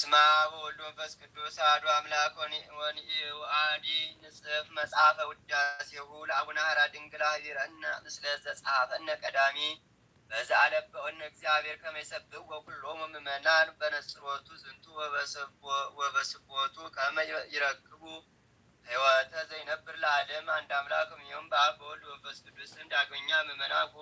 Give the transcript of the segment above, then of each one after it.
በስመ አብ ወወልድ ወመንፈስ ቅዱስ አሐዱ አምላክ ወንኢውአዲ ንጽሕፍ መጽሐፈ ውዳሴሁ ለአቡነ ሀራ ድንግል ሀቢረነ ምስለ ዘጸሐፈነ ቀዳሚ በዘአለበኦነ እግዚአብሔር ከመ ይሰብእ ወኩሎሙ ምእመናን በነጽሮቱ ዝንቱ ወበስቦቱ ከመ ይረክቡ ሕይወተ ዘይነብር ለዓለም። አንድ አምላክ የሚሆን በአብ በወልድ ወመንፈስ ቅዱስ ስም ዳግመኛ ምእመናን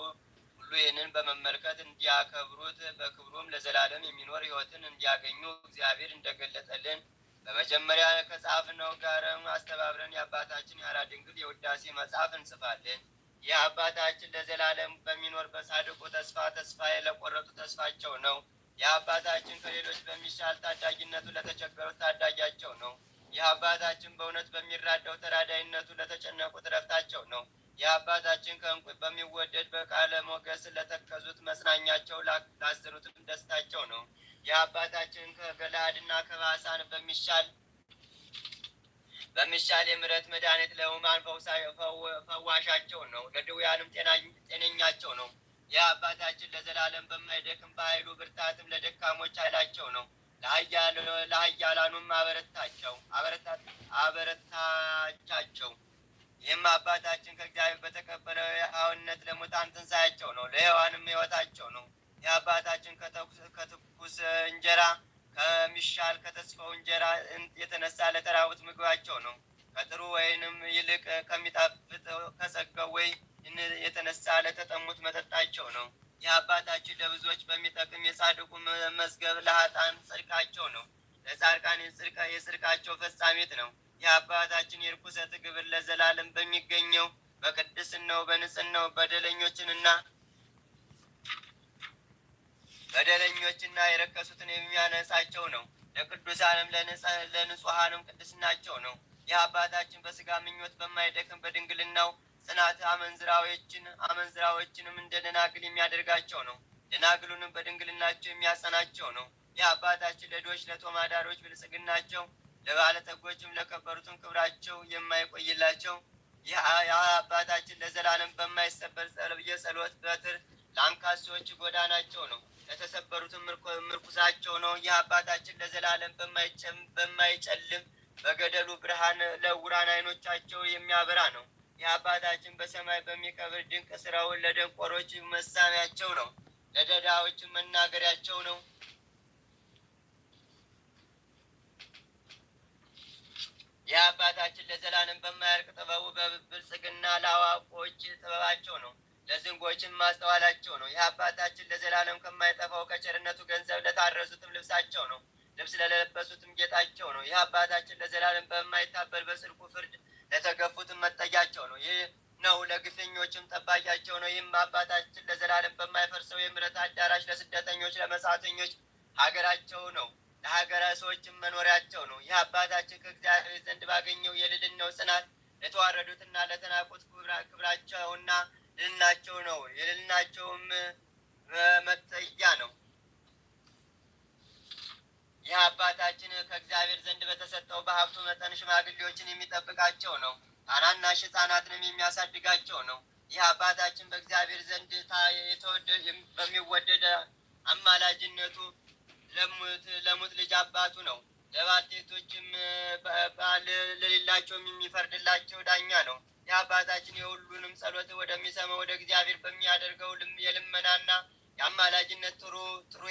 ሁሉ ይህንን በመመልከት እንዲያከብሩት በክብሩም ለዘላለም የሚኖር ሕይወትን እንዲያገኙ እግዚአብሔር እንደገለጠልን በመጀመሪያ ከጻፍነው ጋርም አስተባብረን የአባታችን የአራ ድንግል የውዳሴ መጽሐፍ እንጽፋለን። ይህ አባታችን ለዘላለም በሚኖር በጻድቁ ተስፋ ተስፋ ለቆረጡ ተስፋቸው ነው። ይህ አባታችን ከሌሎች በሚሻል ታዳጊነቱ ለተቸገሩት ታዳጊያቸው ነው። ይህ አባታችን በእውነት በሚራዳው ተራዳይነቱ ለተጨነቁት ረፍታቸው ነው። የአባታችን ከእንቁ በሚወደድ በቃለ ሞገስ ለተከዙት መጽናኛቸው ላዘኑትም ደስታቸው ነው። የአባታችን ከገላድ ከገላድና ከባሳን በሚሻል በሚሻል የምረት መድኃኒት ለሕሙማን ፈዋሻቸው ነው። ለድውያንም ጤነኛቸው ነው። የአባታችን ለዘላለም በማይደክም በኃይሉ ብርታትም ለደካሞች ኃይላቸው ነው። ለአያላኑም አበረታቸው አበረታቻቸው ይህም አባታችን ከእግዚአብሔር በተቀበለው የአሁንነት ለሙታን ትንሣኤያቸው ነው፣ ለሔዋንም ሕይወታቸው ነው። የአባታችን ከትኩስ እንጀራ ከሚሻል ከተስፈው እንጀራ የተነሳ ለተራቡት ምግባቸው ነው። ከጥሩ ወይንም ይልቅ ከሚጣፍጥ ከሰገው ወይ የተነሳ ለተጠሙት መጠጣቸው ነው። የአባታችን ለብዙዎች በሚጠቅም የጻድቁ መዝገብ ለሀጣን ጽድቃቸው ነው። ለጻድቃን የጽድቃቸው ፈጻሜት ነው። የአባታችን የርኩሰት ግብር ለዘላለም በሚገኘው በቅድስናው በንጽህናው በደለኞችንና በደለኞችና የረከሱትን የሚያነጻቸው ነው። ለቅዱሳንም ለንጹሐንም ቅድስናቸው ነው። የአባታችን በስጋ ምኞት በማይደክም በድንግልናው ጽናት አመንዝራዎችን አመንዝራዎችንም እንደ ደናግል የሚያደርጋቸው ነው። ደናግሉንም በድንግልናቸው የሚያጸናቸው ነው። የአባታችን ለዶች ለቶማዳሮች ብልጽግናቸው ለባለጠጎችም ለከበሩትም ክብራቸው የማይቆይላቸው የአባታችን ለዘላለም በማይሰበር የጸሎት በትር ለአንካሶች ጎዳናቸው ነው፣ ለተሰበሩትም ምርኩሳቸው ነው። የአባታችን አባታችን ለዘላለም በማይጨልም በገደሉ ብርሃን ለውራን አይኖቻቸው የሚያበራ ነው። ይህ አባታችን በሰማይ በሚከብር ድንቅ ስራውን ለደንቆሮች መሳሚያቸው ነው፣ ለደዳዎች መናገሪያቸው ነው። የአባታችን ለዘላለም በማያልቅ ጥበቡ በብልጽግና ለአዋቆች ጥበባቸው ነው፣ ለዝንጎችም ማስተዋላቸው ነው። የአባታችን ለዘላለም ከማይጠፋው ከቸርነቱ ገንዘብ ለታረሱትም ልብሳቸው ነው፣ ልብስ ለለበሱትም ጌጣቸው ነው። የአባታችን ለዘላለም በማይታበል በጽድቁ ፍርድ ለተገፉትም መጠጊያቸው ነው። ይህ ነው ለግፈኞችም ጠባቂያቸው ነው። ይህም አባታችን ለዘላለም በማይፈርሰው የምሕረት አዳራሽ ለስደተኞች ለመጻተኞች ሀገራቸው ነው። ለሀገረ ሰዎችም መኖሪያቸው ነው። ይህ አባታችን ከእግዚአብሔር ዘንድ ባገኘው የልድነው ጽናት ለተዋረዱትና ለተናቁት ክብራቸውና ልልናቸው ነው። የልልናቸውም መጠያ ነው። ይህ አባታችን ከእግዚአብሔር ዘንድ በተሰጠው በሀብቱ መጠን ሽማግሌዎችን የሚጠብቃቸው ነው። ታናናሽ ሕፃናትንም የሚያሳድጋቸው ነው። ይህ አባታችን በእግዚአብሔር ዘንድ በሚወደደ አማላጅነቱ ለሙት ልጅ አባቱ ነው። ለባልቴቶችም ባል ለሌላቸውም የሚፈርድላቸው ዳኛ ነው። የአባታችን የሁሉንም ጸሎት ወደሚሰማ ወደ እግዚአብሔር በሚያደርገው የልመናና የአማላጅነት ጥሩ ጥሩ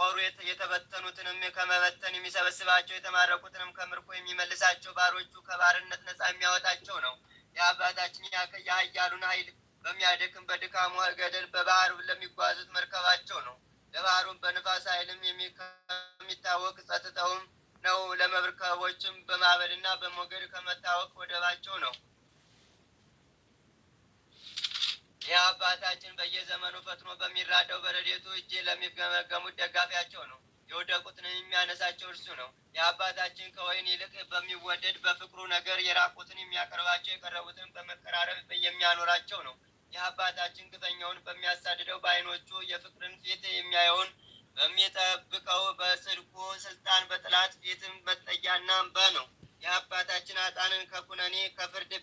ጦሩ የተበተኑትንም ከመበተን የሚሰበስባቸው የተማረኩትንም ከምርኮ የሚመልሳቸው ባሮቹ ከባርነት ነጻ የሚያወጣቸው ነው። የአባታችን የኃያሉን ኃይል በሚያደክም በድካሙ ገደል በባህር ለሚጓዙት መርከባቸው ነው። ለባህሩም በንፋስ ኃይልም የሚታወቅ ጸጥታውም ነው። ለመርከቦችም በማዕበልና በሞገድ ከመታወቅ ወደባቸው ነው። የአባታችን በየዘመኑ ፈጥኖ በሚራዳው በረዴቱ እጅ ለሚገመገሙት ደጋፊያቸው ነው። የወደቁትን የሚያነሳቸው እርሱ ነው። የአባታችን ከወይን ይልቅ በሚወደድ በፍቅሩ ነገር የራቁትን የሚያቀርባቸው የቀረቡትን በመቀራረብ የሚያኖራቸው ነው። የአባታችን ቅጠኛውን በሚያሳድደው በአይኖቹ የፍቅርን ፊት የሚያየውን በሚጠብቀው በጽድቁ ስልጣን በጥላት ፊትም መጠጊያና አምባ ነው። የአባታችን አጣንን ከኩነኔ ከፍርድ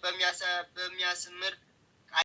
በሚያስምር